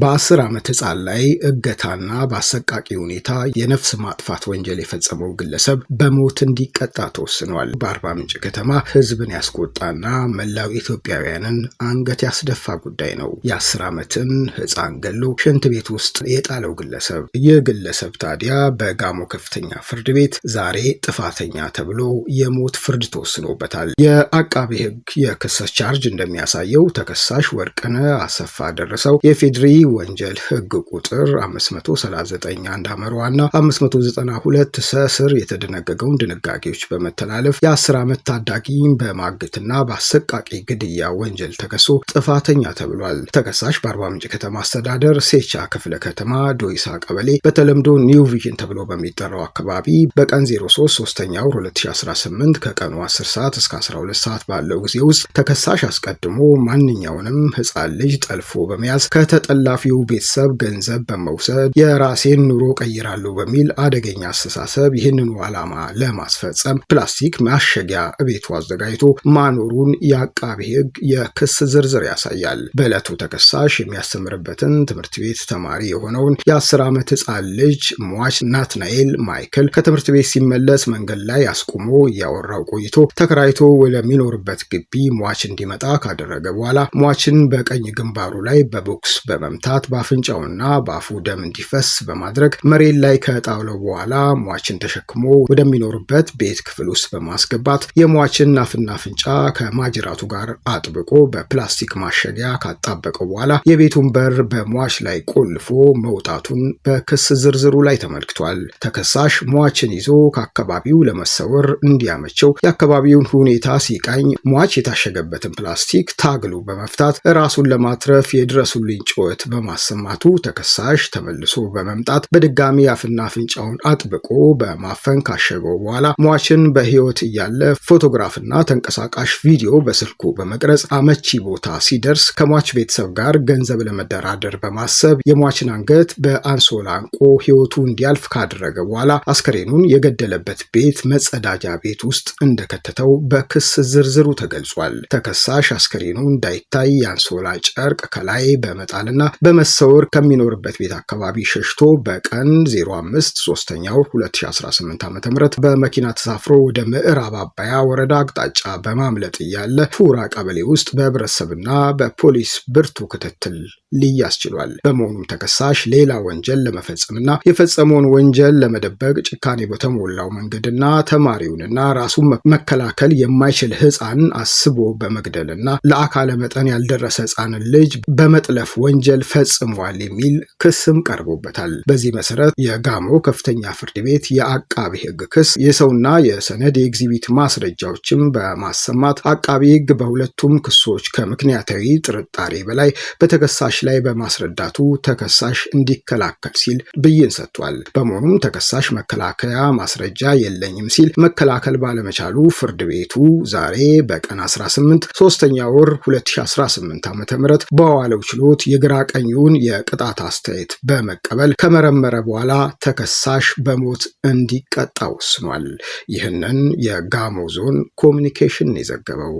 በአስር ዓመት ህፃን ላይ እገታና በአሰቃቂ ሁኔታ የነፍስ ማጥፋት ወንጀል የፈጸመው ግለሰብ በሞት እንዲቀጣ ተወስኗል። በአርባ ምንጭ ከተማ ህዝብን ያስቆጣና መላው ኢትዮጵያውያንን አንገት ያስደፋ ጉዳይ ነው። የአስር ዓመትን ህፃን ገሎ ሽንት ቤት ውስጥ የጣለው ግለሰብ። ይህ ግለሰብ ታዲያ በጋሞ ከፍተኛ ፍርድ ቤት ዛሬ ጥፋተኛ ተብሎ የሞት ፍርድ ተወስኖበታል። የአቃቤ ህግ የክስ ቻርጅ እንደሚያሳየው ተከሳሽ ወርቅነ አሰፋ ደረሰው የፌድሪ ወንጀል ህግ ቁጥር 539 አንድ አመራዋና 592 ሰስር የተደነገገውን ድንጋጌዎች በመተላለፍ የ10 ዓመት ታዳጊን በማግትና በአሰቃቂ ግድያ ወንጀል ተከሶ ጥፋተኛ ተብሏል። ተከሳሽ በአርባ ምንጭ ከተማ አስተዳደር ሴቻ ክፍለ ከተማ ዶይሳ ቀበሌ በተለምዶ ኒው ቪዥን ተብሎ በሚጠራው አካባቢ በቀን 03 ሶስተኛው 2018 ከቀኑ 10 ሰዓት እስከ 12 ሰዓት ባለው ጊዜ ውስጥ ተከሳሽ አስቀድሞ ማንኛውንም ህፃን ልጅ ጠልፎ በመያዝ ከተጠላ ከኃላፊው ቤተሰብ ገንዘብ በመውሰድ የራሴን ኑሮ ቀይራለሁ በሚል አደገኛ አስተሳሰብ ይህንኑ ዓላማ ለማስፈጸም ፕላስቲክ ማሸጊያ ቤቱ አዘጋጅቶ ማኖሩን የአቃቢ ሕግ የክስ ዝርዝር ያሳያል። በዕለቱ ተከሳሽ የሚያስተምርበትን ትምህርት ቤት ተማሪ የሆነውን የአስር ዓመት ህፃን ልጅ ሟች ናትናኤል ማይክል ከትምህርት ቤት ሲመለስ መንገድ ላይ አስቁሞ እያወራው ቆይቶ ተከራይቶ ወደሚኖርበት ግቢ ሟች እንዲመጣ ካደረገ በኋላ ሟችን በቀኝ ግንባሩ ላይ በቦክስ በመ በመምታት በአፍንጫውና በአፉ ደም እንዲፈስ በማድረግ መሬት ላይ ከጣውለው በኋላ ሟችን ተሸክሞ ወደሚኖርበት ቤት ክፍል ውስጥ በማስገባት የሟችን አፍና አፍንጫ ከማጅራቱ ጋር አጥብቆ በፕላስቲክ ማሸጊያ ካጣበቀው በኋላ የቤቱን በር በሟች ላይ ቆልፎ መውጣቱን በክስ ዝርዝሩ ላይ ተመልክቷል። ተከሳሽ ሟችን ይዞ ከአካባቢው ለመሰወር እንዲያመቸው የአካባቢውን ሁኔታ ሲቃኝ ሟች የታሸገበትን ፕላስቲክ ታግሎ በመፍታት ራሱን ለማትረፍ የድረሱልኝ ጩኸት በማሰማቱ ተከሳሽ ተመልሶ በመምጣት በድጋሚ አፍና አፍንጫውን አጥብቆ በማፈን ካሸገው በኋላ ሟችን በህይወት እያለ ፎቶግራፍና ተንቀሳቃሽ ቪዲዮ በስልኩ በመቅረጽ አመቺ ቦታ ሲደርስ ከሟች ቤተሰብ ጋር ገንዘብ ለመደራደር በማሰብ የሟችን አንገት በአንሶላ አንቆ ሕይወቱ እንዲያልፍ ካደረገ በኋላ አስከሬኑን የገደለበት ቤት መጸዳጃ ቤት ውስጥ እንደከተተው በክስ ዝርዝሩ ተገልጿል። ተከሳሽ አስከሬኑ እንዳይታይ የአንሶላ ጨርቅ ከላይ በመጣልና በመሰወር ከሚኖርበት ቤት አካባቢ ሸሽቶ በቀን 05 ሶስተኛው 2018 ዓ ም በመኪና ተሳፍሮ ወደ ምዕራብ አባያ ወረዳ አቅጣጫ በማምለጥ እያለ ፉራ ቀበሌ ውስጥ በህብረተሰብና በፖሊስ ብርቱ ክትትል ሊያስ በመሆኑም ተከሳሽ ሌላ ወንጀል ለመፈጸምና የፈጸመውን ወንጀል ለመደበቅ ጭካኔ በተሞላው መንገድና ተማሪውንና ራሱን መከላከል የማይችል ህፃን አስቦ በመግደልና ለአካለ መጠን ያልደረሰ ህፃን ልጅ በመጥለፍ ወንጀል ፈጽሟል የሚል ክስም ቀርቦበታል። በዚህ መሰረት የጋሞ ከፍተኛ ፍርድ ቤት የአቃቢ ህግ ክስ የሰውና የሰነድ የኤግዚቢት ማስረጃዎችን በማሰማት አቃቢ ህግ በሁለቱም ክሶች ከምክንያታዊ ጥርጣሬ በላይ በተከሳሽ ተከሳሽ ላይ በማስረዳቱ ተከሳሽ እንዲከላከል ሲል ብይን ሰጥቷል። በመሆኑም ተከሳሽ መከላከያ ማስረጃ የለኝም ሲል መከላከል ባለመቻሉ ፍርድ ቤቱ ዛሬ በቀን 18 ሶስተኛ ወር 2018 ዓ ም በዋለው ችሎት የግራ ቀኙን የቅጣት አስተያየት በመቀበል ከመረመረ በኋላ ተከሳሽ በሞት እንዲቀጣ ወስኗል። ይህንን የጋሞ ዞን ኮሚኒኬሽን የዘገበው